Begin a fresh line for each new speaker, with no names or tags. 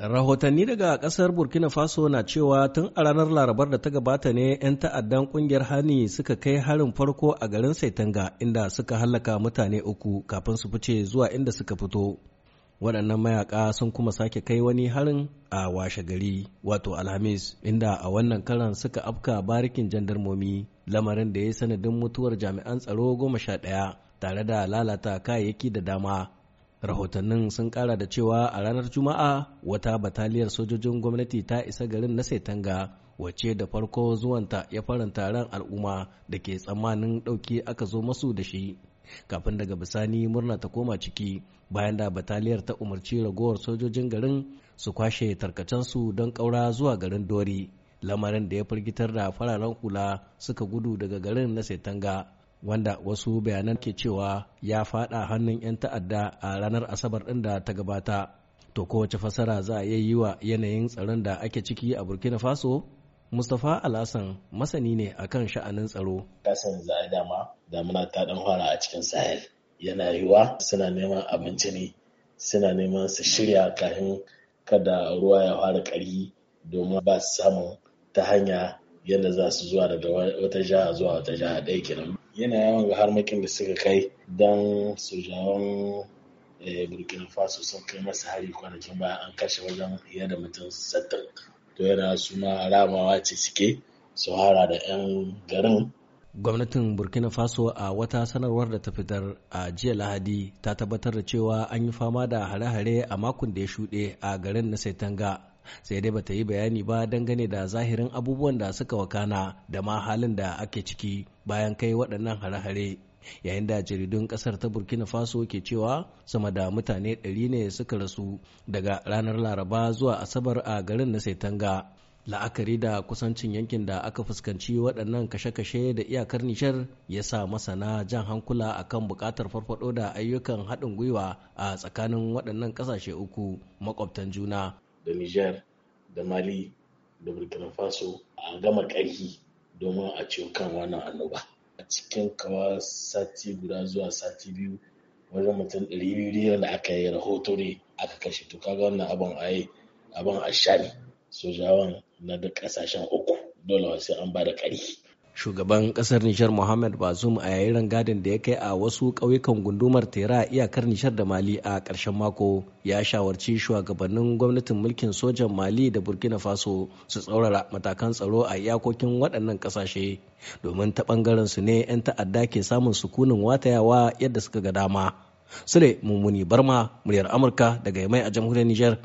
Rahotanni daga ƙasar Burkina Faso na cewa tun a ranar Larabar da ta gabata ne 'yan ta'addan ƙungiyar Hani suka kai harin farko a garin Saitanga inda suka hallaka mutane uku kafin su fice zuwa inda suka fito. Waɗannan mayaƙa sun kuma sake kai wani harin a washe gari wato Alhamis inda a wannan karan suka afka barikin jandarmomi lamarin da ya yi sanadin mutuwar jami'an tsaro goma sha ɗaya tare da lalata kayayyaki da dama rahotannin sun kara da cewa a ranar juma'a wata bataliyar sojojin gwamnati ta isa garin na setanga wacce da farko zuwanta ya faranta ran al'umma da ke tsammanin ɗauki aka zo masu da shi kafin daga bisani murna ta koma ciki bayan da bataliyar ta umarci ragowar sojojin garin su kwashe tarkacensu don ƙaura zuwa garin dori lamarin da ya firgitar da fararen hula suka gudu daga garin na setanga wanda wasu bayanan ke cewa ya fada hannun 'yan ta'adda a ranar asabar ɗin da ta gabata to kowace fasara za a yi wa yanayin tsaron da ake ciki a burkina faso mustapha alhassan masani ne akan sha'anin tsaro
kasan za a dama damuna ta dan fara a cikin sahel yana yiwa suna neman abinci ne suna neman su shirya kafin kada ruwa ya fara ƙari domin ba su samu ta hanya yadda za su zuwa daga wata jiha zuwa wata jiha ɗaya kenan yana yawan ga harmakin da suka kai don sojawan eh, burkina faso sun kai masa hari kwanakin ba an kashe wajen fiye da mutum sattin to yana suna ramawa ce suke su hara da 'yan garin
gwamnatin burkina faso a wata sanarwar da ta fitar a jiya lahadi ta tabbatar da cewa an yi fama da hare-hare a makon da ya shuɗe a garin na saitanga sai dai bata yi bayani ba dangane da zahirin abubuwan da suka wakana da ma halin da ake ciki bayan kai waɗannan hare-hare yayin da jaridun ƙasar ta burkina faso ke cewa sama da mutane ɗari ne suka rasu daga ranar laraba zuwa asabar a garin na saitanga la'akari da kusancin yankin da aka fuskanci waɗannan kashe-kashe da iyakar nishar ya sa masana jan hankula akan buƙatar farfado da ayyukan haɗin gwiwa a tsakanin waɗannan ƙasashe uku makwabtan juna
da niger da mali da burkina faso a gama ƙarfi domin a ciwo kan wannan annoba a cikin kawa sati guda zuwa sati biyu wajen mutum ɗari biyu da aka yi rahoto ne aka kashe to kaga wannan abin a yi abin a sha sojawan na da ƙasashen uku dole sai an ba da ƙarfi
shugaban kasar nishar mohamed bazoum a yayin rangadin da ya kai a wasu ƙauyukan gundumar tera iyakar nishar da mali a ƙarshen mako ya shawarci shugabannin gwamnatin mulkin sojan mali da burkina faso su tsaurara matakan tsaro a iyakokin waɗannan ƙasashe domin ta ɓangarensu ne 'yan ta'adda ke samun sukunin watayawa yadda suka ga dama sule mummuni barma muryar amurka daga mai a jamhuriyar nijar